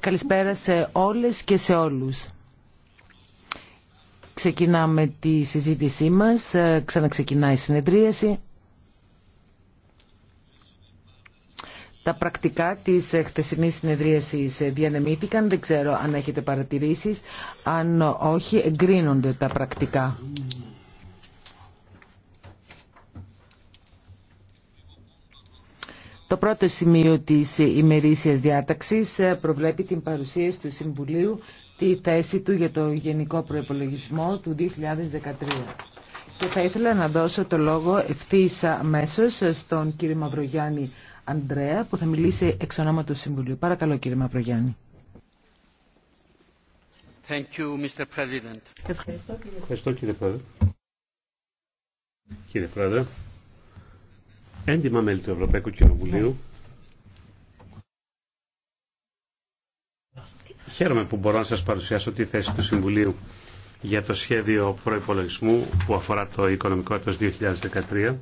Καλησπέρα σε όλες και σε όλους. Ξεκινάμε τη συζήτησή μας, ε, ξαναξεκινάει η συνεδρίαση. Τα πρακτικά της ε, χτεσινής συνεδρίασης ε, διανεμήθηκαν, δεν ξέρω αν έχετε παρατηρήσεις, αν όχι εγκρίνονται τα πρακτικά. Το πρώτο σημείο της ημερήσιας διάταξης ε, προβλέπει την παρουσίαση του Συμβουλίου τη θέση του για το Γενικό Προεπολογισμό του 2013. Και θα ήθελα να δώσω το λόγο ευθύς αμέσω στον κύριο Μαυρογιάννη Ανδρέα που θα μιλήσει εξ ονόματος Συμβουλίου. Παρακαλώ κύριε Μαυρογιάννη. Thank you, Mr. Ευχαριστώ κύριε Πρόεδρε. Κύριε Πρόεδρε, έντιμα μέλη του Ευρωπαϊκού Κοινοβουλίου. Χαίρομαι που μπορώ να σας παρουσιάσω τη θέση του Συμβουλίου για το σχέδιο προϋπολογισμού που αφορά το οικονομικό έτος 2013.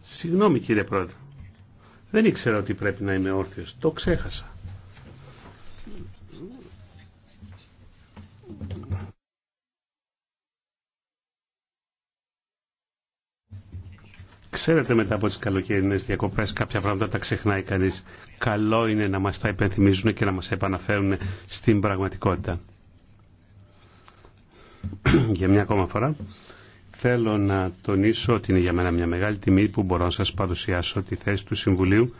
Συγγνώμη κύριε Πρόεδρε. Δεν ήξερα ότι πρέπει να είμαι όρθιος. Το ξέχασα. Ξέρετε μετά από τι καλοκαιρινές διακοπέ, κάποια πράγματα τα ξεχνάει κανεί Καλό είναι να μα τα υπενθυμίζουν και να μα επαναφέρουν στην πραγματικότητα. για μια ακόμα φορά θέλω να τονίσω ότι είναι για μένα μια μεγάλη τιμή που μπορώ να σα παρουσιάσω τη θέση του Συμβουλίου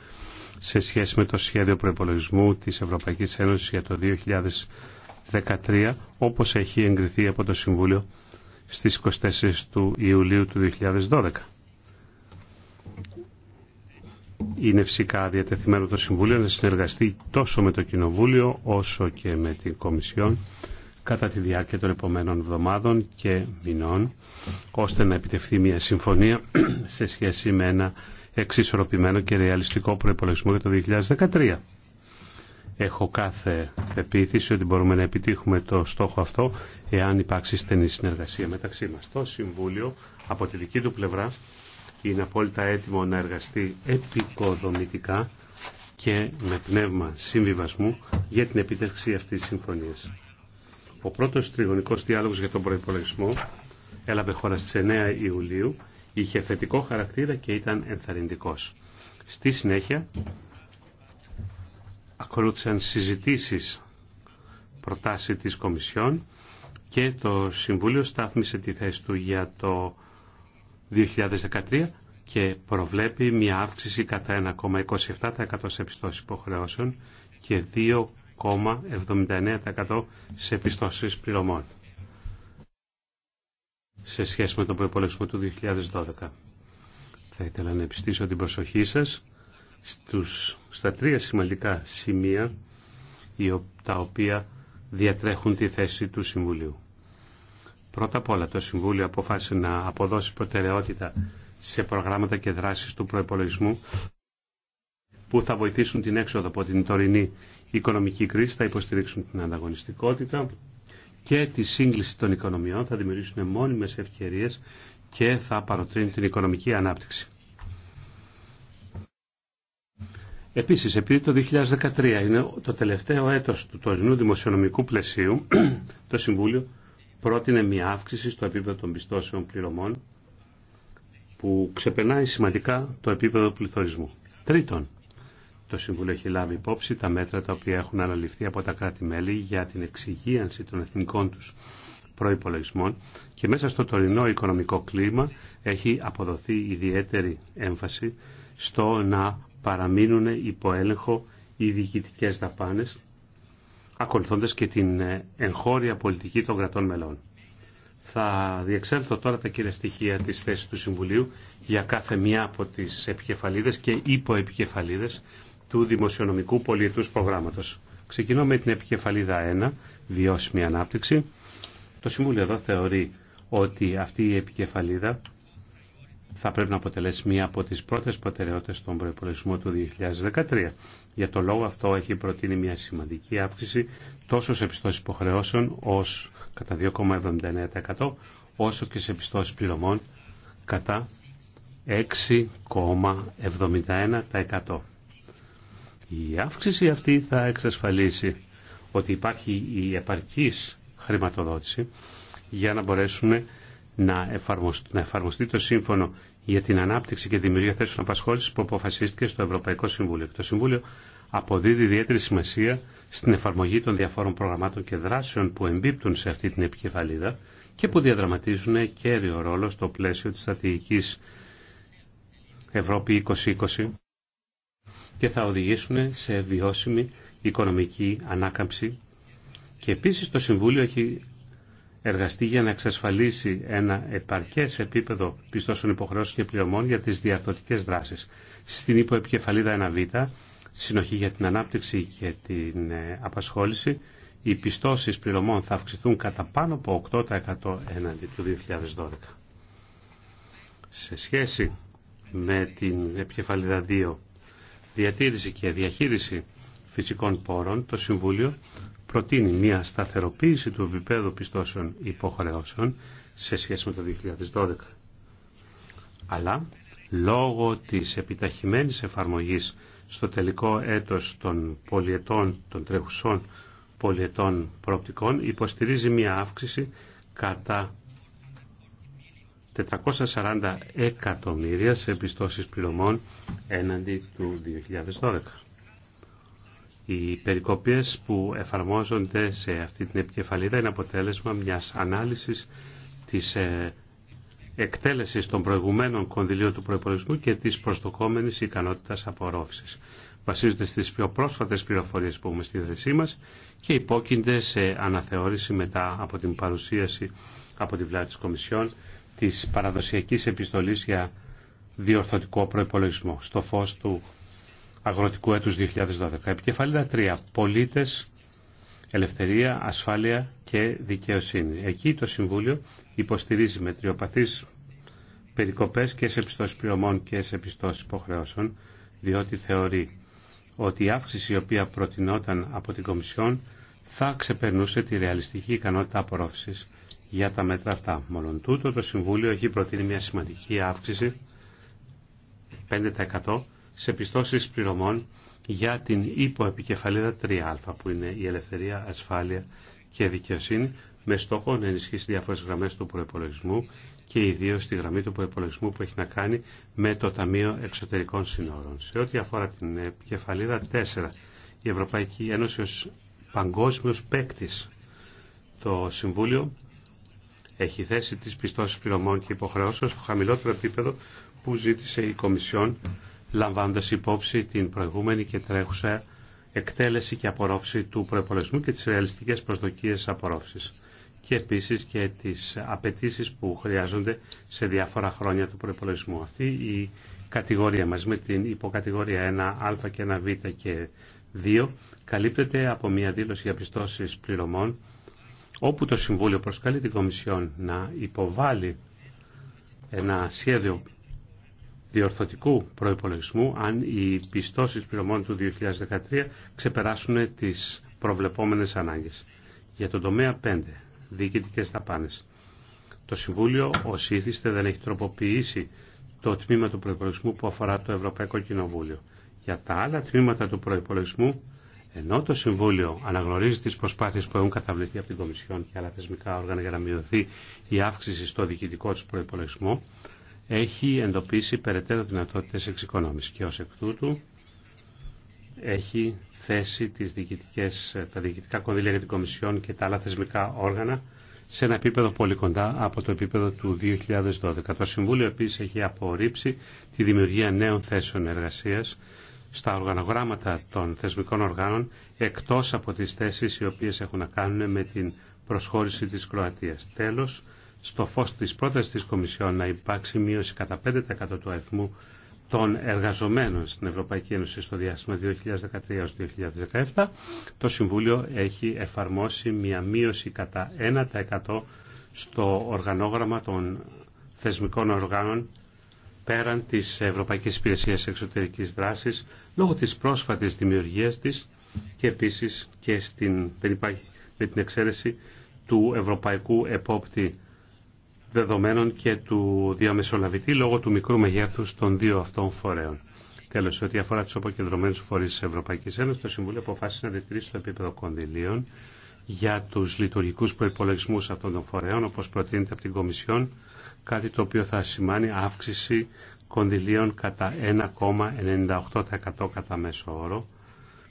σε σχέση με το σχέδιο προπολογισμού τη Ευρωπαϊκή Ένωση για το 2013 όπω έχει εγκριθεί από το Συμβούλιο στι 24 του Ιουλίου του 2012 είναι φυσικά διατεθειμένο το Συμβούλιο να συνεργαστεί τόσο με το Κοινοβούλιο όσο και με την Κομισιόν κατά τη διάρκεια των επόμενων εβδομάδων και μηνών ώστε να επιτευχθεί μια συμφωνία σε σχέση με ένα εξισορροπημένο και ρεαλιστικό προϋπολογισμό για το 2013. Έχω κάθε πεποίθηση ότι μπορούμε να επιτύχουμε το στόχο αυτό εάν υπάρξει στενή συνεργασία μεταξύ μας. Το Συμβούλιο από τη δική του πλευρά είναι απόλυτα έτοιμο να εργαστεί επικοδομητικά και με πνεύμα συμβιβασμού για την επίτευξη αυτής της συμφωνίας. Ο πρώτος τριγωνικός διάλογος για τον προϋπολογισμό έλαβε χώρα στις 9 Ιουλίου, είχε θετικό χαρακτήρα και ήταν ενθαρρυντικός. Στη συνέχεια ακολούθησαν συζητήσεις προτάσει της Κομισιόν και το Συμβούλιο στάθμισε τη θέση του για το 2013 και προβλέπει μια αύξηση κατά 1,27% σε πιστώσεις υποχρεώσεων και 2,79% σε πιστώσεις πληρωμών σε σχέση με τον προϋπολογισμό του 2012. Θα ήθελα να επιστήσω την προσοχή σας στους, στα τρία σημαντικά σημεία τα οποία διατρέχουν τη θέση του Συμβουλίου. Πρώτα απ' όλα το Συμβούλιο αποφάσισε να αποδώσει προτεραιότητα σε προγράμματα και δράσεις του προϋπολογισμού που θα βοηθήσουν την έξοδο από την τωρινή οικονομική κρίση, θα υποστηρίξουν την ανταγωνιστικότητα και τη σύγκληση των οικονομιών, θα δημιουργήσουν μόνιμες ευκαιρίες και θα παροτρύνουν την οικονομική ανάπτυξη. Επίσης, επειδή το 2013 είναι το τελευταίο έτος του τωρινού δημοσιονομικού πλαισίου, το Συμβούλιο πρότεινε μια αύξηση στο επίπεδο των πιστώσεων πληρωμών που ξεπερνάει σημαντικά το επίπεδο του πληθωρισμού. Τρίτον, το Συμβούλιο έχει λάβει υπόψη τα μέτρα τα οποία έχουν αναλυφθεί από τα κράτη-μέλη για την εξυγίανση των εθνικών τους προϋπολογισμών και μέσα στο τωρινό οικονομικό κλίμα έχει αποδοθεί ιδιαίτερη έμφαση στο να παραμείνουν υπό οι διοικητικές δαπάνες ακολουθώντας και την ε, εγχώρια πολιτική των κρατών μελών. Θα διεξέλθω τώρα τα κύρια στοιχεία της θέσης του Συμβουλίου για κάθε μία από τις επικεφαλίδες και υποεπικεφαλίδες του Δημοσιονομικού Πολιετούς Προγράμματος. Ξεκινώ με την επικεφαλίδα 1, βιώσιμη ανάπτυξη. Το Συμβούλιο εδώ θεωρεί ότι αυτή η επικεφαλίδα θα πρέπει να αποτελέσει μία από τις πρώτες προτεραιότητες στον προϋπολογισμό του 2013. Για το λόγο αυτό έχει προτείνει μία σημαντική αύξηση τόσο σε πιστώσεις υποχρεώσεων ως κατά 2,79% όσο και σε πιστώσεις πληρωμών κατά 6,71%. Η αύξηση αυτή θα εξασφαλίσει ότι υπάρχει η επαρκής χρηματοδότηση για να μπορέσουμε να, εφαρμοστεί το σύμφωνο για την ανάπτυξη και δημιουργία θέσεων απασχόληση που αποφασίστηκε στο Ευρωπαϊκό Συμβούλιο. Και το Συμβούλιο αποδίδει ιδιαίτερη σημασία στην εφαρμογή των διαφόρων προγραμμάτων και δράσεων που εμπίπτουν σε αυτή την επικεφαλίδα και που διαδραματίζουν κέριο ρόλο στο πλαίσιο της στρατηγικής Ευρώπη 2020 και θα οδηγήσουν σε βιώσιμη οικονομική ανάκαμψη και επίσης το Συμβούλιο έχει εργαστεί για να εξασφαλίσει ένα επαρκές επίπεδο πιστώσεων υποχρεώσεων και πληρωμών για τις διαρτωτικέ δράσεις. Στην υποεπικεφαλίδα 1β, συνοχή για την ανάπτυξη και την ε, απασχόληση, οι πιστώσεις πληρωμών θα αυξηθούν κατά πάνω από 8% έναντι του 2012. Σε σχέση με την επικεφαλίδα 2, διατήρηση και διαχείριση φυσικών πόρων, το Συμβούλιο προτείνει μια σταθεροποίηση του επίπεδου πιστώσεων υποχρεώσεων σε σχέση με το 2012. Αλλά λόγω της επιταχυμένης εφαρμογής στο τελικό έτος των πολιετών, των τρέχουσών πολιετών προοπτικών υποστηρίζει μια αύξηση κατά 440 εκατομμύρια σε πιστώσεις πληρωμών έναντι του 2012. Οι περικοπές που εφαρμόζονται σε αυτή την επικεφαλίδα είναι αποτέλεσμα μιας ανάλυσης της ε, εκτέλεσης των προηγουμένων κονδυλίων του προϋπολογισμού και της προσδοκόμενης ικανότητας απορρόφησης. Βασίζονται στις πιο πρόσφατες πληροφορίες που έχουμε στη θέση μας και υπόκεινται σε αναθεώρηση μετά από την παρουσίαση από τη βλάβη της Κομισιόν της παραδοσιακής επιστολής για διορθωτικό προϋπολογισμό στο φως του αγροτικού έτους 2012. Επικεφαλίδα 3. Πολίτες, ελευθερία, ασφάλεια και δικαιοσύνη. Εκεί το Συμβούλιο υποστηρίζει με τριοπαθείς περικοπές και σε πιστώσεις πληρωμών και σε πιστώσεις υποχρεώσεων, διότι θεωρεί ότι η αύξηση η οποία προτινόταν από την Κομισιόν θα ξεπερνούσε τη ρεαλιστική ικανότητα απορρόφησης για τα μέτρα αυτά. Μόλον τούτο το Συμβούλιο έχει προτείνει μια σημαντική αύξηση 5% σε πιστώσεις πληρωμών για την υποεπικεφαλίδα 3α που είναι η ελευθερία, ασφάλεια και δικαιοσύνη με στόχο να ενισχύσει διάφορες γραμμές του προπολογισμού και ιδίω τη γραμμή του προπολογισμού που έχει να κάνει με το Ταμείο Εξωτερικών Συνόρων. Σε ό,τι αφορά την επικεφαλίδα 4, η Ευρωπαϊκή Ένωση ως παγκόσμιος παίκτη το Συμβούλιο έχει θέσει τις πιστώσεις πληρωμών και υποχρεώσεων στο χαμηλότερο επίπεδο που ζήτησε η Κομισιόν λαμβάνοντας υπόψη την προηγούμενη και τρέχουσα εκτέλεση και απορρόφηση του προπολογισμού και τις ρεαλιστικές προσδοκίες απορρόφησης και επίσης και τις απαιτήσει που χρειάζονται σε διάφορα χρόνια του προπολογισμού. Αυτή η κατηγορία μαζί με την υποκατηγορία 1α και 1β και 2 καλύπτεται από μια δήλωση για πιστώσεις πληρωμών όπου το Συμβούλιο προσκαλεί την Κομισιόν να υποβάλει ένα σχέδιο διορθωτικού προϋπολογισμού αν οι πιστώσεις πληρωμών του 2013 ξεπεράσουν τις προβλεπόμενες ανάγκες. Για τον τομέα 5, διοικητικές δαπάνες. Το Συμβούλιο, ως ήθιστε, δεν έχει τροποποιήσει το τμήμα του προϋπολογισμού που αφορά το Ευρωπαϊκό Κοινοβούλιο. Για τα άλλα τμήματα του προϋπολογισμού, ενώ το Συμβούλιο αναγνωρίζει τις προσπάθειες που έχουν καταβληθεί από την Κομισιόν και άλλα θεσμικά όργανα για να μειωθεί η αύξηση στο διοικητικό του προϋπολογισμό, έχει εντοπίσει περαιτέρω δυνατότητες εξοικονόμησης και ως εκ τούτου έχει θέσει τις διοικητικές, τα διοικητικά κονδύλια για την Κομισιόν και τα άλλα θεσμικά όργανα σε ένα επίπεδο πολύ κοντά από το επίπεδο του 2012. Το Συμβούλιο επίσης έχει απορρίψει τη δημιουργία νέων θέσεων εργασίας στα οργανογράμματα των θεσμικών οργάνων εκτός από τις θέσεις οι οποίες έχουν να κάνουν με την προσχώρηση της Κροατίας στο φως της πρότασης της Κομισιόν να υπάρξει μείωση κατά 5% του αριθμού των εργαζομένων στην Ευρωπαϊκή Ένωση στο διάστημα 2013-2017, το Συμβούλιο έχει εφαρμόσει μια μείωση κατά 1% στο οργανόγραμμα των θεσμικών οργάνων πέραν της Ευρωπαϊκής Υπηρεσίας Εξωτερικής Δράσης λόγω της πρόσφατης δημιουργίας της και επίσης και στην, με την εξαίρεση του Ευρωπαϊκού Επόπτη δεδομένων και του διαμεσολαβητή λόγω του μικρού μεγέθους των δύο αυτών φορέων. Τέλο, ό,τι αφορά του αποκεντρωμένου φορεί τη Ευρωπαϊκή Ένωση, το Συμβούλιο αποφάσισε να διατηρήσει το επίπεδο κονδυλίων για του λειτουργικού προπολογισμού αυτών των φορέων, όπω προτείνεται από την Κομισιόν, κάτι το οποίο θα σημάνει αύξηση κονδυλίων κατά 1,98% κατά μέσο όρο,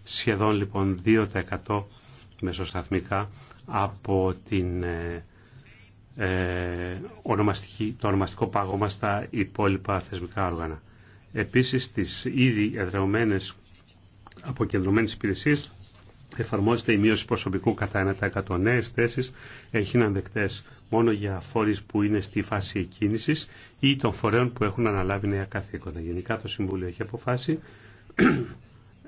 σχεδόν λοιπόν 2% μεσοσταθμικά από την ε, ε, ονομαστική, το ονομαστικό πάγωμα στα υπόλοιπα θεσμικά όργανα. Επίσης, στις ήδη εδρεωμένες αποκεντρωμένες υπηρεσίες εφαρμόζεται η μείωση προσωπικού κατά 1%. Νέες θέσεις έγιναν δεκτές μόνο για φορείς που είναι στη φάση εκκίνησης ή των φορέων που έχουν αναλάβει νέα καθήκοντα. Γενικά το Συμβούλιο έχει αποφάσει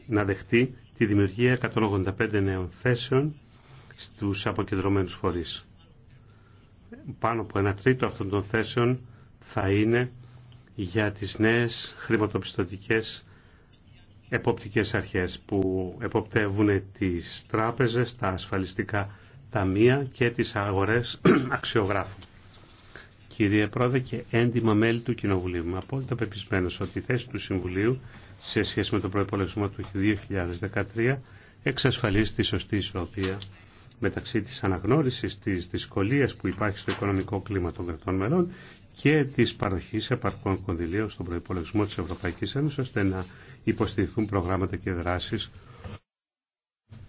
να δεχτεί τη δημιουργία 185 νέων θέσεων στους αποκεντρωμένους φορείς πάνω από ένα τρίτο αυτών των θέσεων θα είναι για τις νέες χρηματοπιστωτικές εποπτικές αρχές που εποπτεύουν τις τράπεζες, τα ασφαλιστικά ταμεία και τις αγορές αξιογράφου. Κύριε Πρόεδρε και έντιμα μέλη του Κοινοβουλίου, είμαι απόλυτα πεπισμένος ότι η θέση του Συμβουλίου σε σχέση με το προϋπολογισμό του 2013 εξασφαλίζει τη σωστή ισορροπία μεταξύ της αναγνώρισης της δυσκολίας που υπάρχει στο οικονομικό κλίμα των κρατών μελών και της παροχής επαρκών κονδυλίων στον προϋπολογισμό της Ευρωπαϊκής Ένωσης ώστε να υποστηριχθούν προγράμματα και δράσεις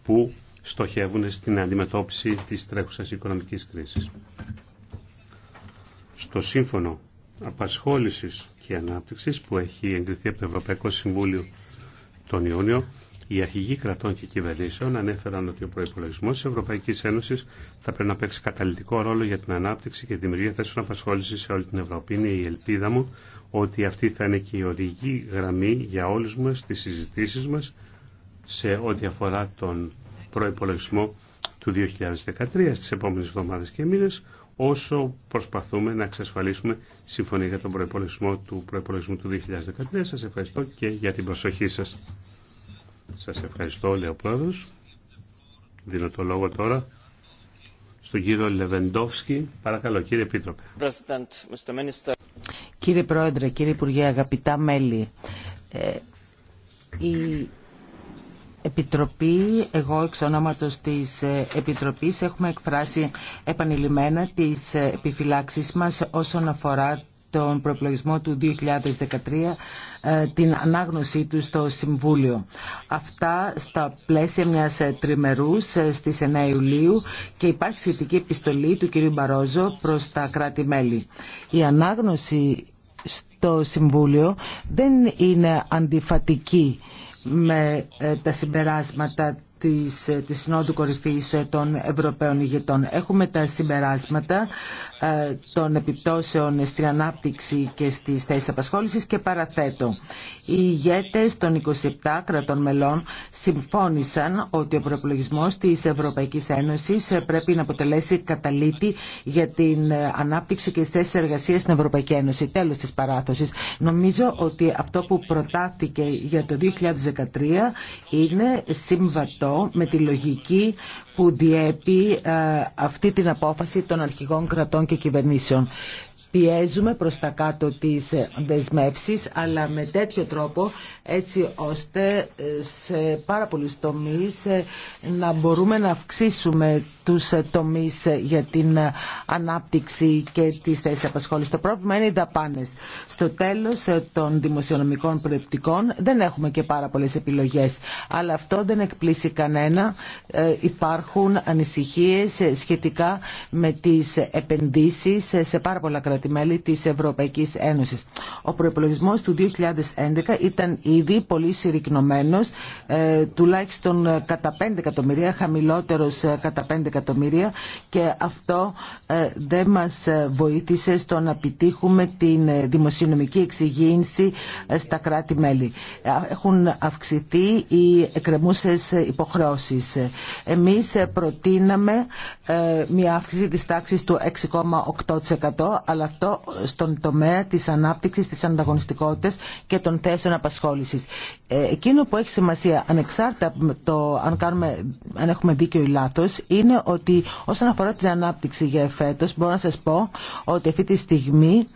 που στοχεύουν στην αντιμετώπιση της τρέχουσας οικονομικής κρίσης. Στο σύμφωνο απασχόλησης και ανάπτυξης που έχει εγκριθεί από το Ευρωπαϊκό Συμβούλιο τον Ιούνιο οι αρχηγοί κρατών και κυβερνήσεων ανέφεραν ότι ο προπολογισμό τη Ευρωπαϊκή Ένωση θα πρέπει να παίξει καταλητικό ρόλο για την ανάπτυξη και τη δημιουργία θέσεων απασχόληση σε όλη την Ευρώπη. Είναι η ελπίδα μου ότι αυτή θα είναι και η οδηγή γραμμή για όλου μα τι συζητήσει μα σε ό,τι αφορά τον προπολογισμό του 2013 στι επόμενε εβδομάδε και μήνε, όσο προσπαθούμε να εξασφαλίσουμε συμφωνία για τον προϋπολογισμό του προϋπολογισμού του 2013. Σας ευχαριστώ και για την προσοχή σας. Σας ευχαριστώ, όλοι ο πρόεδρος. Δίνω το λόγο τώρα στον κύριο Λεβεντόφσκι. Παρακαλώ, κύριε Επίτροπε. Κύριε Πρόεδρε, κύριε Υπουργέ, αγαπητά μέλη, ε, η Επιτροπή, εγώ εξ ονόματος της ε, Επιτροπής έχουμε εκφράσει επανειλημμένα τις ε, επιφυλάξεις μας όσον αφορά τον προπλογισμό του 2013 την ανάγνωσή του στο Συμβούλιο. Αυτά στα πλαίσια μιας ε, τριμερούς ε, στις 9 Ιουλίου και υπάρχει σχετική επιστολή του κ. Μπαρόζο προς τα κράτη-μέλη. Η ανάγνωση στο Συμβούλιο δεν είναι αντιφατική με ε, τα συμπεράσματα της, της Συνόδου Κορυφής των Ευρωπαίων Ηγετών. Έχουμε τα συμπεράσματα ε, των επιπτώσεων στην ανάπτυξη και στις θέσεις απασχόλησης και παραθέτω. Οι ηγέτες των 27 κρατών μελών συμφώνησαν ότι ο προπολογισμός της Ευρωπαϊκής Ένωσης πρέπει να αποτελέσει καταλήτη για την ανάπτυξη και τις θέσεις εργασίας στην Ευρωπαϊκή Ένωση. Τέλος της παράτασης Νομίζω ότι αυτό που προτάθηκε για το 2013 είναι συμβατό με τη λογική που διέπει ε, αυτή την απόφαση των αρχηγών κρατών και κυβερνήσεων. Πιέζουμε προς τα κάτω τις ε, δεσμεύσεις, αλλά με τέτοιο τρόπο έτσι ώστε ε, σε πάρα πολλούς τομείς να μπορούμε να αυξήσουμε τους ε, τομείς ε, για την ε, ανάπτυξη και τις θέσεις απασχόλησης. Το πρόβλημα είναι οι δαπάνες. Στο τέλος των δημοσιονομικών προεπτικών δεν έχουμε και πάρα πολλές επιλογές. Αλλά αυτό δεν εκπλήσει κανένα. Υπάρχουν ανησυχίες σχετικά με τις επενδύσεις σε πάρα πολλά κρατημέλη της Ευρωπαϊκής Ένωσης. Ο προϋπολογισμός του 2011 ήταν ήδη πολύ συρρυκνωμένος, τουλάχιστον κατά 5 εκατομμυρία, χαμηλότερος κατά 5 δισεκατομμύρια και αυτό ε, δεν μας ε, βοήθησε στο να επιτύχουμε την ε, δημοσιονομική εξυγίανση στα κράτη-μέλη. Έχουν αυξηθεί οι εκκρεμούσες υποχρεώσεις. Εμείς προτείναμε μια αύξηση της τάξης του 6,8% αλλά αυτό στον τομέα της ανάπτυξης, της ανταγωνιστικότητας και των θέσεων απασχόλησης. Εκείνο που έχει σημασία, ανεξάρτητα αν, αν έχουμε δίκιο ή λάθος, είναι ότι όσον αφορά την ανάπτυξη για εφέτος, μπορώ να σας πω ότι αυτή τη στιγμή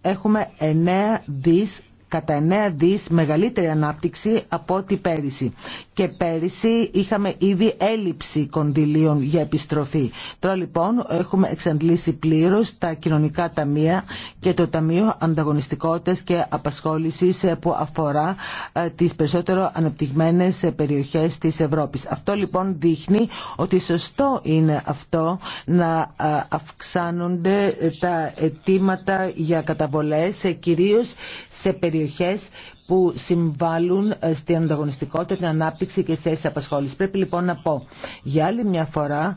έχουμε 9 δις κατά 9 δις μεγαλύτερη ανάπτυξη από ό,τι πέρυσι. Και πέρυσι είχαμε ήδη έλλειψη κονδυλίων για επιστροφή. Τώρα λοιπόν έχουμε εξαντλήσει πλήρως τα κοινωνικά ταμεία και το Ταμείο Ανταγωνιστικότητας και Απασχόλησης ε, που αφορά ε, τις περισσότερο αναπτυγμένες ε, περιοχές της Ευρώπης. Αυτό λοιπόν δείχνει ότι σωστό είναι αυτό να αυξάνονται τα αιτήματα για καταβολές κυρίως σε περιοχές που συμβάλλουν ε, στην ανταγωνιστικότητα, την ανάπτυξη και θέσει απασχόληση. Πρέπει λοιπόν να πω για άλλη μια φορά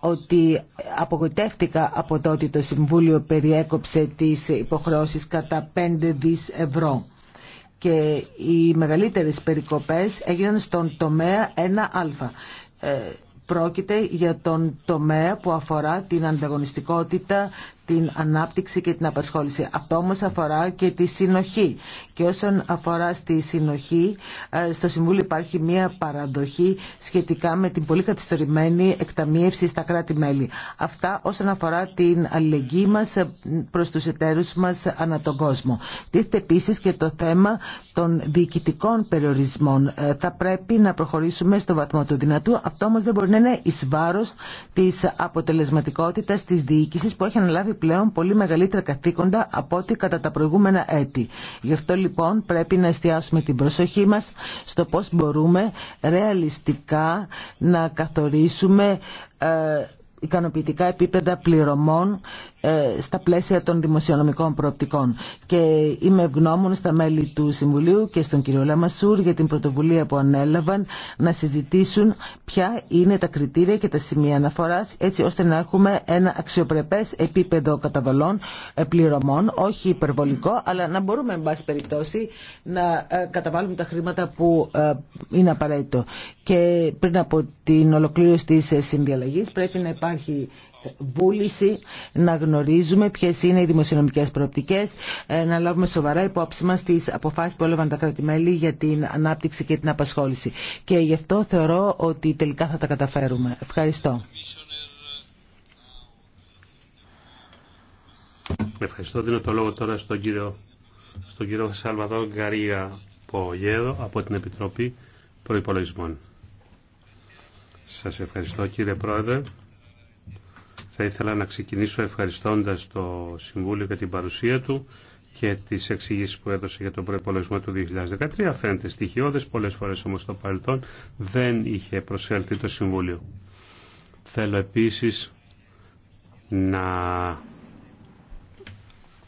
ότι απογοητεύτηκα από το το Συμβούλιο περιέκοψε τις υποχρεώσεις κατά 5 δις ευρώ και οι μεγαλύτερες περικοπές έγιναν στον τομέα 1α. Ε, πρόκειται για τον τομέα που αφορά την ανταγωνιστικότητα, την ανάπτυξη και την απασχόληση. Αυτό όμως αφορά και τη συνοχή. Και όσον αφορά στη συνοχή, ε, στο Συμβούλιο υπάρχει μια παραδοχή σχετικά με την πολύ κατηστορημένη εκταμίευση στα κράτη-μέλη. Αυτά όσον αφορά την αλληλεγγύη μας ε, προς τους εταίρους μας ανά τον κόσμο. Τίθεται επίσης και το θέμα των διοικητικών περιορισμών. Ε, θα πρέπει να προχωρήσουμε στο βαθμό του δυνατού. Αυτό όμως δεν μπορεί να είναι εις βάρος της αποτελεσματικότητας της διοίκησης που έχει αναλάβει πλέον πολύ μεγαλύτερα καθήκοντα από ό,τι κατά τα προηγούμενα έτη. Γι' αυτό λοιπόν πρέπει να εστιάσουμε την προσοχή μας στο πώς μπορούμε ρεαλιστικά να καθορίσουμε ε, ικανοποιητικά επίπεδα πληρωμών ε, στα πλαίσια των δημοσιονομικών προοπτικών. Και είμαι ευγνώμων στα μέλη του Συμβουλίου και στον κύριο Λαμασούρ για την πρωτοβουλία που ανέλαβαν να συζητήσουν ποια είναι τα κριτήρια και τα σημεία αναφορά, έτσι ώστε να έχουμε ένα αξιοπρεπέ επίπεδο καταβολών ε, πληρωμών, όχι υπερβολικό, αλλά να μπορούμε εν πάση περιπτώσει να ε, καταβάλουμε τα χρήματα που είναι απαραίτητο. Και πριν από την ολοκλήρωση τη συνδιαλλαγή, πρέπει να υπάρχει βούληση να γνωρίζουμε γνωρίζουμε ποιε είναι οι δημοσιονομικέ προοπτικέ, ε, να λάβουμε σοβαρά υπόψη μα τι αποφάσει που έλαβαν τα κράτη-μέλη για την ανάπτυξη και την απασχόληση. Και γι' αυτό θεωρώ ότι τελικά θα τα καταφέρουμε. Ευχαριστώ. Ευχαριστώ. Δίνω το λόγο τώρα στον κύριο, στον κύριο Σαλβαδόρ Πογέδο από την Επιτροπή Προϋπολογισμών. Σας ευχαριστώ κύριε Πρόεδρε. Θα ήθελα να ξεκινήσω ευχαριστώντας το Συμβούλιο για την παρουσία του και τις εξηγήσεις που έδωσε για τον προϋπολογισμό του 2013. Φαίνεται στοιχειώδες, πολλές φορές όμως στο παρελθόν δεν είχε προσέλθει το Συμβούλιο. Θέλω επίσης να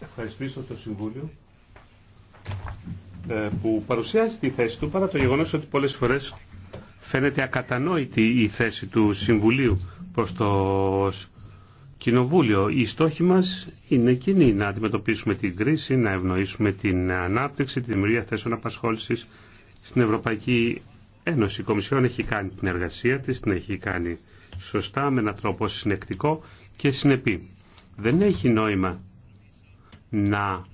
ευχαριστήσω το Συμβούλιο ε, που παρουσιάζει τη θέση του παρά το γεγονός ότι πολλές φορές φαίνεται ακατανόητη η θέση του Συμβουλίου προς το Κοινοβούλιο. Οι στόχοι μας είναι κοινοί, να αντιμετωπίσουμε την κρίση, να ευνοήσουμε την ανάπτυξη, τη δημιουργία θέσεων απασχόλησης στην Ευρωπαϊκή Ένωση. Η Κομισιόν έχει κάνει την εργασία της, την έχει κάνει σωστά, με έναν τρόπο συνεκτικό και συνεπή. Δεν έχει νόημα να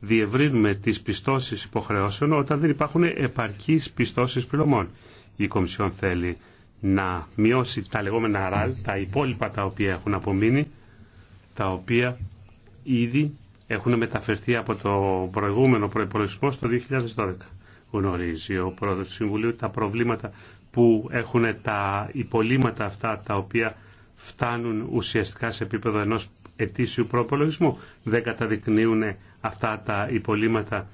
διευρύνουμε τις πιστώσεις υποχρεώσεων όταν δεν υπάρχουν επαρκείς πιστώσεις πληρωμών. Η Κομισιόν θέλει να μειώσει τα λεγόμενα ραλ, τα υπόλοιπα τα οποία έχουν απομείνει, τα οποία ήδη έχουν μεταφερθεί από το προηγούμενο προϋπολογισμό στο 2012. Γνωρίζει ο πρόεδρος του Συμβουλίου τα προβλήματα που έχουν τα υπολείμματα αυτά τα οποία φτάνουν ουσιαστικά σε επίπεδο ενός ετήσιου προπολογισμού. Δεν καταδεικνύουν αυτά τα υπολείμματα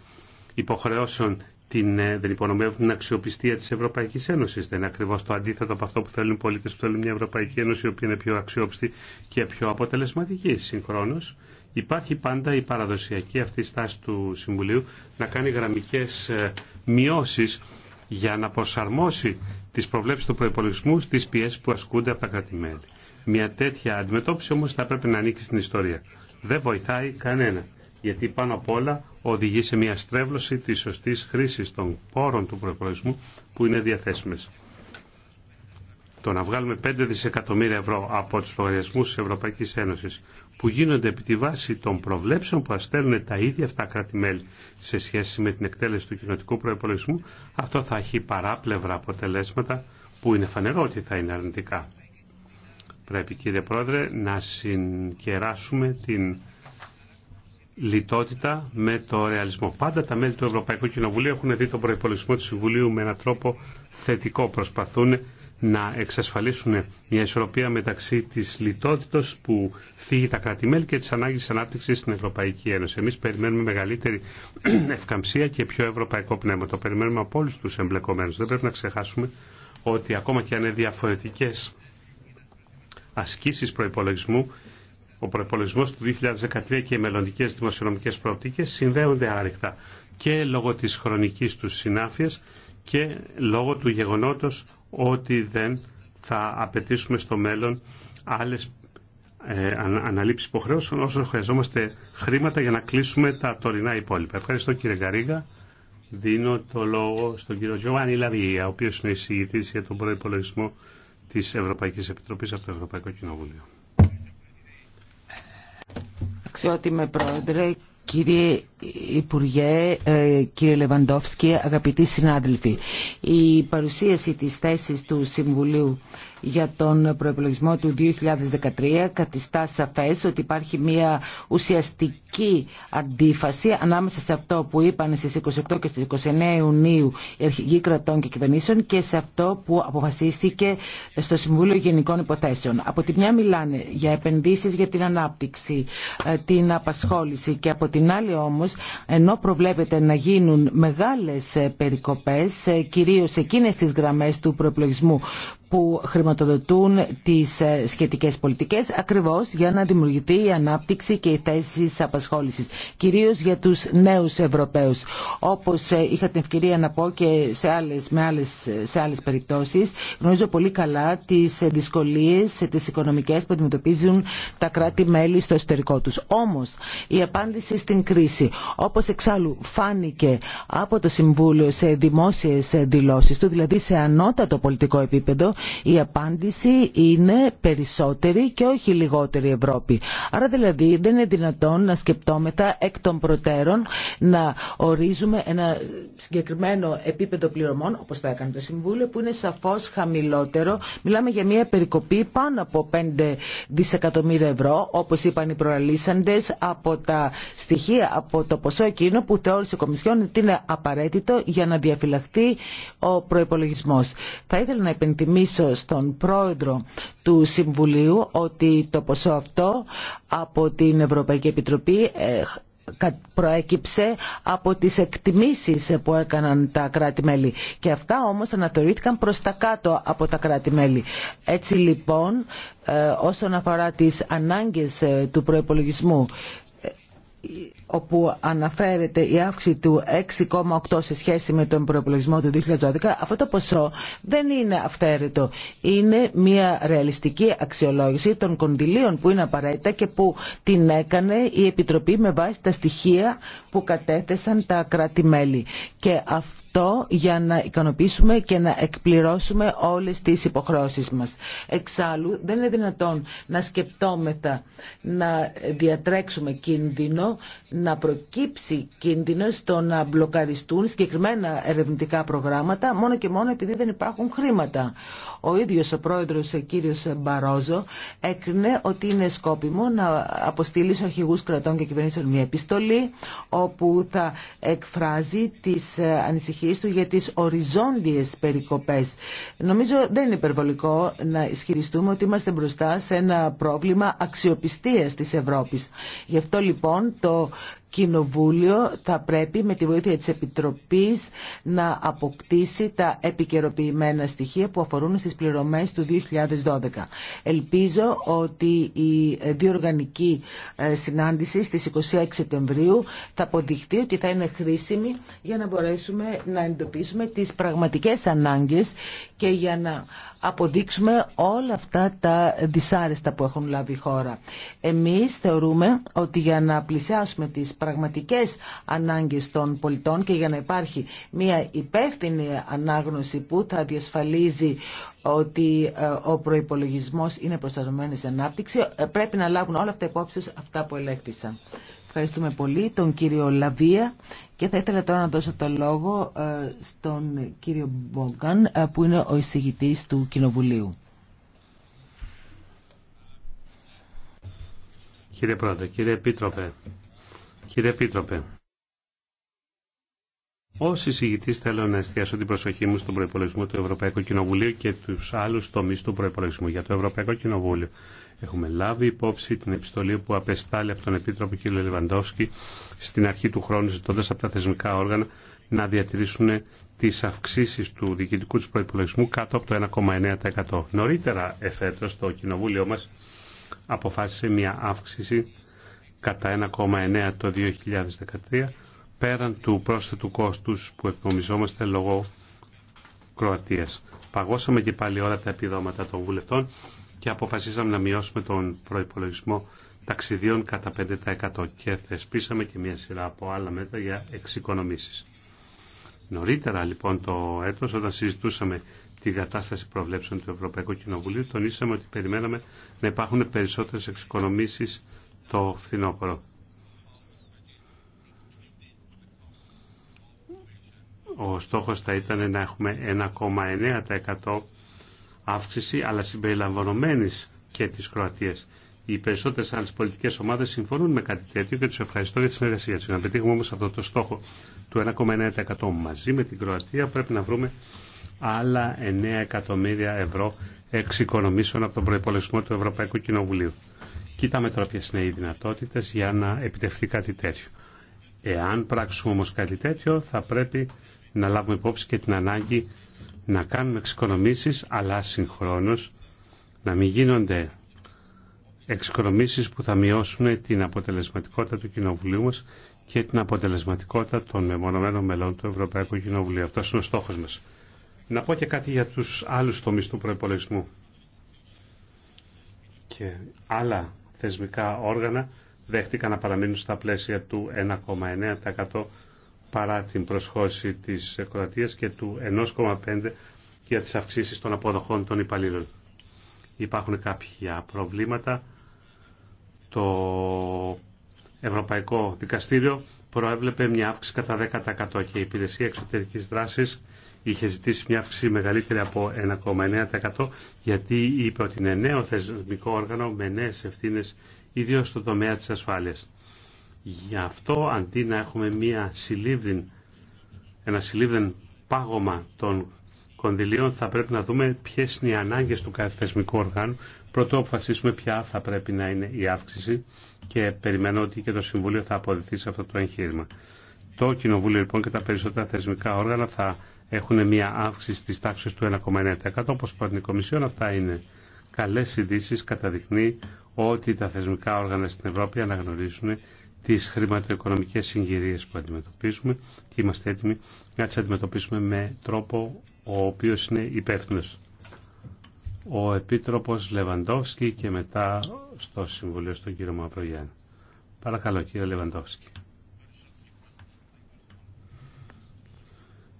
υποχρεώσεων την, ε, δεν υπονομεύουν την αξιοπιστία της Ευρωπαϊκής Ένωσης. Δεν είναι ακριβώς το αντίθετο από αυτό που θέλουν οι πολίτες που θέλουν μια Ευρωπαϊκή Ένωση η οποία είναι πιο αξιόπιστη και πιο αποτελεσματική συγχρόνως. Υπάρχει πάντα η παραδοσιακή αυτή στάση του Συμβουλίου να κάνει γραμμικές ε, μειώσεις για να προσαρμόσει τις προβλέψεις του προπολογισμού στις πιέσεις που ασκούνται από τα κρατημέλη. Μια τέτοια αντιμετώπιση όμως θα πρέπει να ανήκει στην ιστορία. Δεν βοηθάει κανένα γιατί πάνω απ' όλα οδηγεί σε μια στρέβλωση της σωστής χρήσης των πόρων του προπολογισμού που είναι διαθέσιμες. Το να βγάλουμε 5 δισεκατομμύρια ευρώ από τους λογαριασμούς της Ευρωπαϊκής Ένωσης που γίνονται επί τη βάση των προβλέψεων που αστέλνουν τα ίδια αυτά κράτη-μέλη σε σχέση με την εκτέλεση του κοινοτικού προϋπολογισμού αυτό θα έχει παράπλευρα αποτελέσματα που είναι φανερό ότι θα είναι αρνητικά. Πρέπει κύριε Πρόεδρε να συγκεράσουμε την λιτότητα με το ρεαλισμό. Πάντα τα μέλη του Ευρωπαϊκού Κοινοβουλίου έχουν δει τον προπολογισμό του Συμβουλίου με έναν τρόπο θετικό. Προσπαθούν να εξασφαλίσουν μια ισορροπία μεταξύ τη λιτότητα που θίγει τα κράτη-μέλη και της ανάγκης ανάπτυξη στην Ευρωπαϊκή Ένωση. Εμεί περιμένουμε μεγαλύτερη ευκαμψία και πιο ευρωπαϊκό πνεύμα. Το περιμένουμε από όλου του εμπλεκομένου. Δεν πρέπει να ξεχάσουμε ότι ακόμα και αν είναι διαφορετικέ ασκήσει προπολογισμού, ο προπολογισμό του 2013 και οι μελλοντικέ δημοσιονομικέ προοπτικέ συνδέονται άρρηκτα και λόγω τη χρονική του συνάφεια και λόγω του γεγονότο ότι δεν θα απαιτήσουμε στο μέλλον άλλε ε, αναλήψει υποχρεώσεων όσο χρειαζόμαστε χρήματα για να κλείσουμε τα τωρινά υπόλοιπα. Ευχαριστώ κύριε Γκαρίγα. Δίνω το λόγο στον κύριο Τζοβάνι Λαβία, ο οποίος είναι εισηγητής για τον προϋπολογισμό της Ευρωπαϊκής Επιτροπής από το Ευρωπαϊκό Κοινοβούλιο με πρόεδρε, κύριε Υπουργέ, ε, κύριε Λεβαντόφσκι, αγαπητοί συνάδελφοι. Η παρουσίαση της θέσης του Συμβουλίου για τον προεπλογισμό του 2013 κατιστά σαφές ότι υπάρχει μια ουσιαστική αντίφαση ανάμεσα σε αυτό που είπαν στις 28 και στις 29 Ιουνίου οι αρχηγοί κρατών και κυβερνήσεων και σε αυτό που αποφασίστηκε στο Συμβούλιο Γενικών Υποθέσεων. Από τη μια μιλάνε για επενδύσεις για την ανάπτυξη, ε, την απασχόληση και από την άλλη όμως ενώ προβλέπεται να γίνουν μεγάλες ε, περικοπές ε, κυρίως εκείνες τις γραμμές του προεπλογισμού που χρηματοδοτούν τις ε, σχετικές πολιτικές ακριβώς για να δημιουργηθεί η ανάπτυξη και οι θέσει απασχόλησης κυρίως για τους νέους Ευρωπαίους όπως ε, είχα την ευκαιρία να πω και σε άλλες, περιπτώσει, ε, περιπτώσεις γνωρίζω πολύ καλά τις δυσκολίες τις οικονομικές που αντιμετωπίζουν τα κράτη-μέλη στο εσωτερικό τους όμως η απάντηση στην κρίση όπως εξάλλου φάνηκε από το Συμβούλιο σε δημόσιες δηλώσεις του δηλαδή σε ανώτατο πολιτικό επίπεδο η απάντηση είναι περισσότερη και όχι λιγότερη Ευρώπη. Άρα δηλαδή δεν είναι δυνατόν να σκεπτόμεθα εκ των προτέρων να ορίζουμε ένα συγκεκριμένο επίπεδο πληρωμών, όπως θα έκανε το Συμβούλιο, που είναι σαφώς χαμηλότερο. Μιλάμε για μια περικοπή πάνω από 5 δισεκατομμύρια ευρώ, όπως είπαν οι προαλήσαντες, από τα στοιχεία, από το ποσό εκείνο που θεώρησε η Κομισιόν ότι είναι απαραίτητο για να διαφυλαχθεί ο προπολογισμό. Θα ήθελα να στον πρόεδρο του Συμβουλίου ότι το ποσό αυτό από την Ευρωπαϊκή Επιτροπή ε, προέκυψε από τις εκτιμήσεις που έκαναν τα κράτη-μέλη. Και αυτά όμως αναθεωρήθηκαν προς τα κάτω από τα κράτη-μέλη. Έτσι λοιπόν, ε, όσον αφορά τις ανάγκες ε, του προϋπολογισμού, όπου αναφέρεται η αύξηση του 6,8 σε σχέση με τον προπολογισμό του 2012, αυτό το ποσό δεν είναι αυθαίρετο. Είναι μια ρεαλιστική αξιολόγηση των κονδυλίων που είναι απαραίτητα και που την έκανε η Επιτροπή με βάση τα στοιχεία που κατέθεσαν τα κράτη-μέλη. Και αυτό το για να ικανοποιήσουμε και να εκπληρώσουμε όλες τις υποχρεώσεις μας. Εξάλλου δεν είναι δυνατόν να σκεπτόμεθα να διατρέξουμε κίνδυνο, να προκύψει κίνδυνο στο να μπλοκαριστούν συγκεκριμένα ερευνητικά προγράμματα μόνο και μόνο επειδή δεν υπάρχουν χρήματα ο ίδιος ο πρόεδρος κύριος Μπαρόζο έκρινε ότι είναι σκόπιμο να αποστείλει στους αρχηγούς κρατών και κυβερνήσεων μια επιστολή όπου θα εκφράζει τις ανησυχίες του για τις οριζόντιες περικοπές. Νομίζω δεν είναι υπερβολικό να ισχυριστούμε ότι είμαστε μπροστά σε ένα πρόβλημα αξιοπιστίας της Ευρώπης. Γι' αυτό λοιπόν το Κοινοβούλιο θα πρέπει με τη βοήθεια της Επιτροπής να αποκτήσει τα επικαιροποιημένα στοιχεία που αφορούν στις πληρωμές του 2012. Ελπίζω ότι η διοργανική ε, συνάντηση στις 26 Σεπτεμβρίου θα αποδειχθεί ότι θα είναι χρήσιμη για να μπορέσουμε να εντοπίσουμε τις πραγματικές ανάγκες και για να αποδείξουμε όλα αυτά τα δυσάρεστα που έχουν λάβει η χώρα. Εμείς θεωρούμε ότι για να πλησιάσουμε τις πραγματικές ανάγκες των πολιτών και για να υπάρχει μια υπεύθυνη ανάγνωση που θα διασφαλίζει ότι ε, ο προϋπολογισμός είναι προστασμένος σε ανάπτυξη, ε, πρέπει να λάβουν όλα αυτά υπόψη αυτά που ελέγχθησαν. Ευχαριστούμε πολύ τον κύριο Λαβία και θα ήθελα τώρα να δώσω το λόγο ε, στον κύριο Μπόγκαν ε, που είναι ο εισηγητής του Κοινοβουλίου. Κύριε Πρόεδρε, κύριε Επίτροπε, κύριε Επίτροπε, ως εισηγητής θέλω να εστιάσω την προσοχή μου στον προϋπολογισμό του Ευρωπαϊκού Κοινοβουλίου και τους άλλους τομείς του προϋπολογισμού Για το Ευρωπαϊκό Κοινοβούλιο Έχουμε λάβει υπόψη την επιστολή που απεστάλλει από τον Επίτροπο κ. Λεβαντόφσκι στην αρχή του χρόνου ζητώντα από τα θεσμικά όργανα να διατηρήσουν τις αυξήσεις του διοικητικού του προϋπολογισμού κάτω από το 1,9%. Νωρίτερα εφέτος το Κοινοβούλιο μας αποφάσισε μια αύξηση κατά 1,9% το 2013 πέραν του πρόσθετου κόστους που εκνομιζόμαστε λόγω Κροατίας. Παγώσαμε και πάλι όλα τα επιδόματα των βουλευτών και αποφασίσαμε να μειώσουμε τον προϋπολογισμό ταξιδιών κατά 5% και θεσπίσαμε και μια σειρά από άλλα μέτρα για εξοικονομήσεις. Νωρίτερα λοιπόν το έτος όταν συζητούσαμε την κατάσταση προβλέψεων του Ευρωπαϊκού Κοινοβουλίου τονίσαμε ότι περιμέναμε να υπάρχουν περισσότερες εξοικονομήσεις το φθινόπωρο. Ο στόχος θα ήταν να έχουμε 1,9% αύξηση αλλά συμπεριλαμβανομένη και της Κροατία. Οι περισσότερε άλλε πολιτικέ ομάδε συμφωνούν με κάτι τέτοιο και του ευχαριστώ για τη συνεργασία του. Για να πετύχουμε όμω αυτό το στόχο του 1,9% μαζί με την Κροατία πρέπει να βρούμε άλλα 9 εκατομμύρια ευρώ εξοικονομήσεων από τον προπολογισμό του Ευρωπαϊκού Κοινοβουλίου. Κοίταμε τώρα ποιε είναι οι δυνατότητε για να επιτευχθεί κάτι τέτοιο. Εάν πράξουμε όμω κάτι τέτοιο θα πρέπει να λάβουμε υπόψη και την ανάγκη να κάνουμε εξοικονομήσεις αλλά συγχρόνως να μην γίνονται εξοικονομήσεις που θα μειώσουν την αποτελεσματικότητα του Κοινοβουλίου μας και την αποτελεσματικότητα των μεμονωμένων μελών του Ευρωπαϊκού Κοινοβουλίου. Αυτός είναι ο στόχος μας. Να πω και κάτι για τους άλλους τομείς του προπολογισμού και άλλα θεσμικά όργανα δέχτηκαν να παραμείνουν στα πλαίσια του 1,9% παρά την προσχώρηση της Κροατίας και του 1,5 για τις αυξήσεις των αποδοχών των υπαλλήλων. Υπάρχουν κάποια προβλήματα. Το Ευρωπαϊκό Δικαστήριο προέβλεπε μια αύξηση κατά 10% και η Υπηρεσία Εξωτερικής Δράσης είχε ζητήσει μια αύξηση μεγαλύτερη από 1,9% γιατί είπε ότι είναι νέο θεσμικό όργανο με νέες ευθύνες ιδίως στον τομέα της ασφάλειας. Γι' αυτό αντί να έχουμε μια ένα συλλήβδεν πάγωμα των κονδυλίων θα πρέπει να δούμε ποιες είναι οι ανάγκες του κάθε θεσμικού οργάνου πρωτού αποφασίσουμε ποια θα πρέπει να είναι η αύξηση και περιμένω ότι και το Συμβούλιο θα αποδηθεί σε αυτό το εγχείρημα. Το Κοινοβούλιο λοιπόν και τα περισσότερα θεσμικά όργανα θα έχουν μια αύξηση τη τάξη του 1,9% όπως πρότεινε η Κομισιόν. Αυτά είναι καλές ειδήσει καταδεικνύει ότι τα θεσμικά όργανα στην Ευρώπη αναγνωρίζουν τις χρηματοοικονομικές συγκυρίες που αντιμετωπίζουμε και είμαστε έτοιμοι να τις αντιμετωπίσουμε με τρόπο ο οποίος είναι υπεύθυνο. Ο Επίτροπος Λεβαντόφσκι και μετά στο Συμβουλίο στον κύριο Μαπρογιάννη. Παρακαλώ κύριε Λεβαντόφσκι.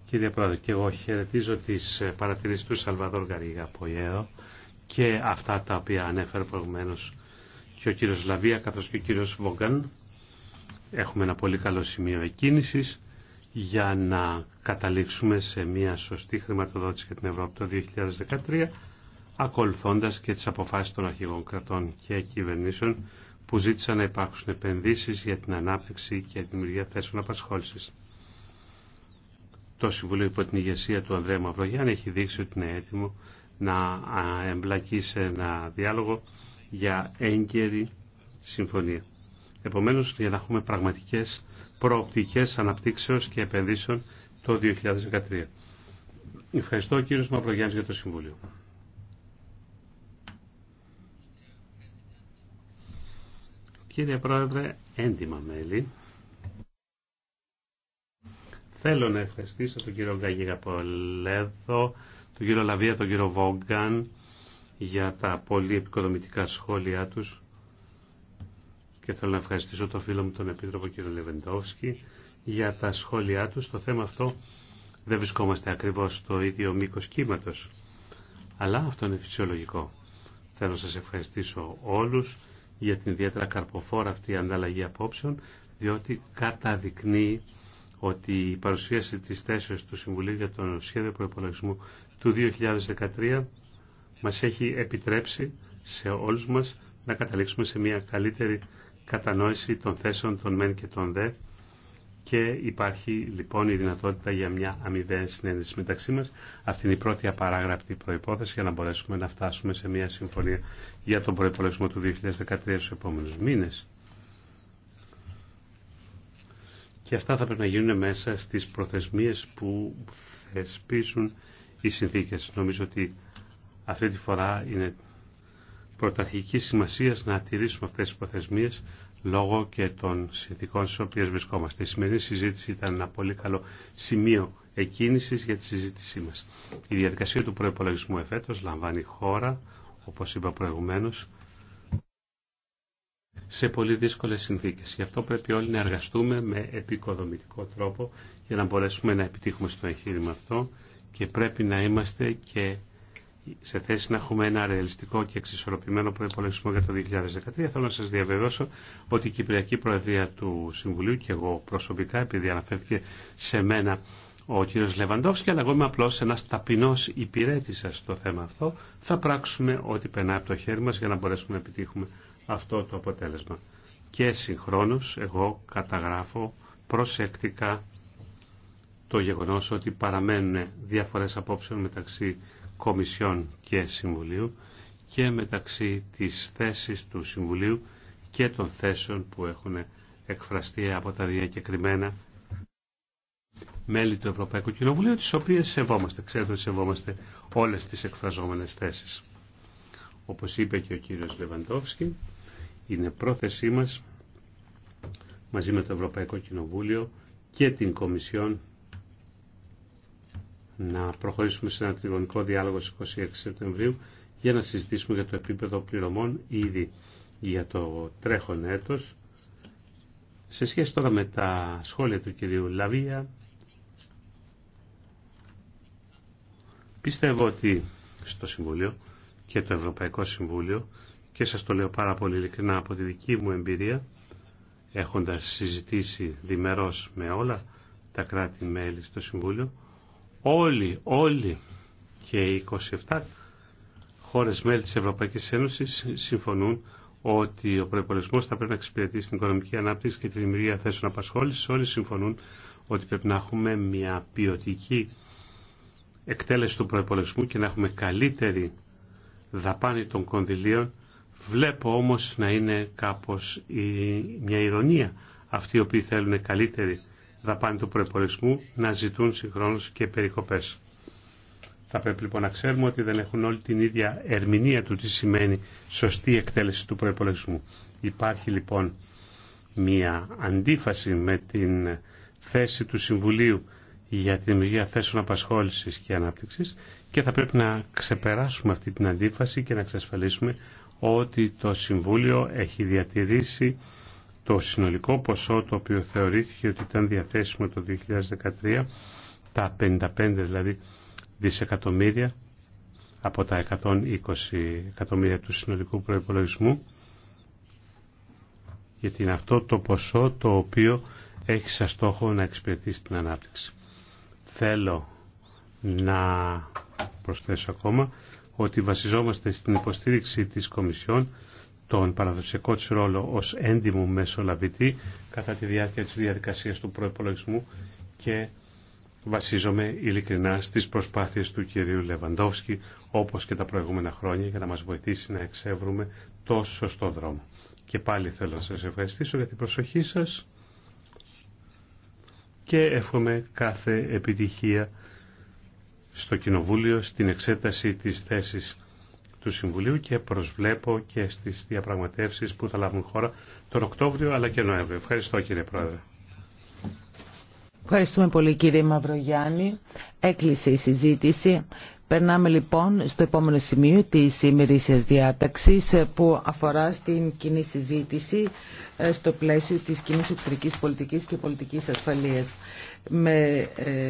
Κύριε Πρόεδρε, και εγώ χαιρετίζω τις παρατηρήσεις του Σαλβαδόρ από και αυτά τα οποία ανέφερε προηγουμένως και ο κύριος Λαβία καθώ και ο κύριο Βόγκαν Έχουμε ένα πολύ καλό σημείο εκκίνησης για να καταλήξουμε σε μια σωστή χρηματοδότηση για την Ευρώπη το 2013 ακολουθώντας και τις αποφάσεις των αρχηγών κρατών και κυβερνήσεων που ζήτησαν να υπάρξουν επενδύσεις για την ανάπτυξη και τη δημιουργία θέσεων απασχόλησης. Το Συμβουλίο υπό την ηγεσία του Ανδρέα Μαυρογιάννη έχει δείξει ότι είναι έτοιμο να εμπλακεί σε ένα διάλογο για έγκαιρη συμφωνία. Επομένως, για να έχουμε πραγματικές προοπτικές αναπτύξεως και επενδύσεων το 2013. Ευχαριστώ κύριος Μαυρογιάννης για το Συμβούλιο. Κύριε Πρόεδρε, έντιμα μέλη. Θέλω να ευχαριστήσω τον κύριο Γκάγη Γαπολέδο, τον κύριο Λαβία, τον κύριο Βόγκαν για τα πολύ επικοδομητικά σχόλιά τους και θέλω να ευχαριστήσω τον φίλο μου τον Επίτροπο κ. Λεβεντόφσκι για τα σχόλιά του στο θέμα αυτό. Δεν βρισκόμαστε ακριβώς στο ίδιο μήκος κύματος, αλλά αυτό είναι φυσιολογικό. Θέλω να σας ευχαριστήσω όλους για την ιδιαίτερα καρποφόρα αυτή η ανταλλαγή απόψεων, διότι καταδεικνύει ότι η παρουσίαση της θέσεως του Συμβουλίου για τον Σχέδιο Προϋπολογισμού του 2013 μας έχει επιτρέψει σε όλους μας να καταλήξουμε σε μια καλύτερη κατανόηση των θέσεων των μεν και των δε και υπάρχει λοιπόν η δυνατότητα για μια αμοιβαία συνέντευξη μεταξύ μας. Αυτή είναι η πρώτη απαράγραπτη προϋπόθεση για να μπορέσουμε να φτάσουμε σε μια συμφωνία για τον προϋπολογισμό του 2013 στους επόμενους μήνες. Και αυτά θα πρέπει να γίνουν μέσα στις προθεσμίες που θεσπίζουν οι συνθήκες. Νομίζω ότι αυτή τη φορά είναι πρωταρχική σημασία να τηρήσουμε αυτέ τι προθεσμίε λόγω και των συνθήκων στι οποίε βρισκόμαστε. Η σημερινή συζήτηση ήταν ένα πολύ καλό σημείο εκκίνησης για τη συζήτησή μα. Η διαδικασία του προπολογισμού Εφέτο λαμβάνει χώρα, όπω είπα προηγουμένω. σε πολύ δύσκολε συνθήκε. Γι' αυτό πρέπει όλοι να εργαστούμε με επικοδομητικό τρόπο για να μπορέσουμε να επιτύχουμε στο εγχείρημα αυτό και πρέπει να είμαστε και σε θέση να έχουμε ένα ρεαλιστικό και εξισορροπημένο προπολογισμό για το 2013. Θέλω να σα διαβεβαιώσω ότι η Κυπριακή Προεδρία του Συμβουλίου και εγώ προσωπικά, επειδή αναφέρθηκε σε μένα ο κ. Λεβαντόφσκι, αλλά εγώ είμαι απλώ ένα ταπεινό υπηρέτη σα στο θέμα αυτό, θα πράξουμε ό,τι περνάει από το χέρι μα για να μπορέσουμε να επιτύχουμε αυτό το αποτέλεσμα. Και συγχρόνω εγώ καταγράφω προσεκτικά το γεγονός ότι παραμένουν διαφορές απόψεων μεταξύ Κομισιόν και Συμβουλίου και μεταξύ της θέσης του Συμβουλίου και των θέσεων που έχουν εκφραστεί από τα διακεκριμένα μέλη του Ευρωπαϊκού Κοινοβουλίου, τις οποίες σεβόμαστε. Ξέρετε ότι σεβόμαστε όλες τις εκφραζόμενες θέσεις. Όπως είπε και ο κύριος Λεβαντόφσκι, είναι πρόθεσή μας μαζί με το Ευρωπαϊκό Κοινοβούλιο και την Κομισιόν να προχωρήσουμε σε ένα τριγωνικό διάλογο στις 26 Σεπτεμβρίου για να συζητήσουμε για το επίπεδο πληρωμών ήδη για το τρέχον έτος. Σε σχέση τώρα με τα σχόλια του κυρίου Λαβία, πιστεύω ότι στο Συμβούλιο και το Ευρωπαϊκό Συμβούλιο και σας το λέω πάρα πολύ ειλικρινά από τη δική μου εμπειρία, έχοντας συζητήσει διμερώς με όλα τα κράτη-μέλη στο Συμβούλιο, όλοι, όλοι και οι 27 χώρες μέλη της Ευρωπαϊκής Ένωσης συμφωνούν ότι ο προπολογισμό θα πρέπει να εξυπηρετεί στην οικονομική ανάπτυξη και τη δημιουργία θέσεων απασχόληση. Όλοι συμφωνούν ότι πρέπει να έχουμε μια ποιοτική εκτέλεση του προπολογισμού και να έχουμε καλύτερη δαπάνη των κονδυλίων. Βλέπω όμως να είναι κάπως μια ηρωνία αυτοί οι οποίοι θέλουν καλύτερη δαπάνη του προπολισμού να ζητούν συγχρόνως και περικοπές. Θα πρέπει λοιπόν να ξέρουμε ότι δεν έχουν όλη την ίδια ερμηνεία του τι σημαίνει σωστή εκτέλεση του προπολογισμού. Υπάρχει λοιπόν μια αντίφαση με την θέση του Συμβουλίου για τη δημιουργία θέσεων απασχόληση και ανάπτυξης και θα πρέπει να ξεπεράσουμε αυτή την αντίφαση και να εξασφαλίσουμε ότι το Συμβούλιο έχει διατηρήσει το συνολικό ποσό το οποίο θεωρήθηκε ότι ήταν διαθέσιμο το 2013, τα 55 δηλαδή δισεκατομμύρια από τα 120 εκατομμύρια του συνολικού προϋπολογισμού, γιατί είναι αυτό το ποσό το οποίο έχει σαν στόχο να εξυπηρετεί την ανάπτυξη. Θέλω να προσθέσω ακόμα ότι βασιζόμαστε στην υποστήριξη της Κομισιόν τον παραδοσιακό της ρόλο ως έντιμο μεσολαβητή κατά τη διάρκεια της διαδικασίας του προϋπολογισμού και βασίζομαι ειλικρινά στις προσπάθειες του κυρίου Λεβαντόφσκι όπως και τα προηγούμενα χρόνια για να μας βοηθήσει να εξεύρουμε το σωστό δρόμο. Και πάλι θέλω να σας ευχαριστήσω για την προσοχή σας και εύχομαι κάθε επιτυχία στο Κοινοβούλιο στην εξέταση της θέσης του Συμβουλίου και προσβλέπω και στις διαπραγματεύσεις που θα λάβουν χώρα τον Οκτώβριο αλλά και Νοέμβριο. Ευχαριστώ κύριε Πρόεδρε. Ευχαριστούμε πολύ κύριε Μαυρογιάννη. Έκλεισε η συζήτηση. Περνάμε λοιπόν στο επόμενο σημείο της ημερήσιας διάταξης που αφορά στην κοινή συζήτηση ε, στο πλαίσιο της κοινής εξωτερική πολιτικής και πολιτικής ασφαλείας. Με, ε,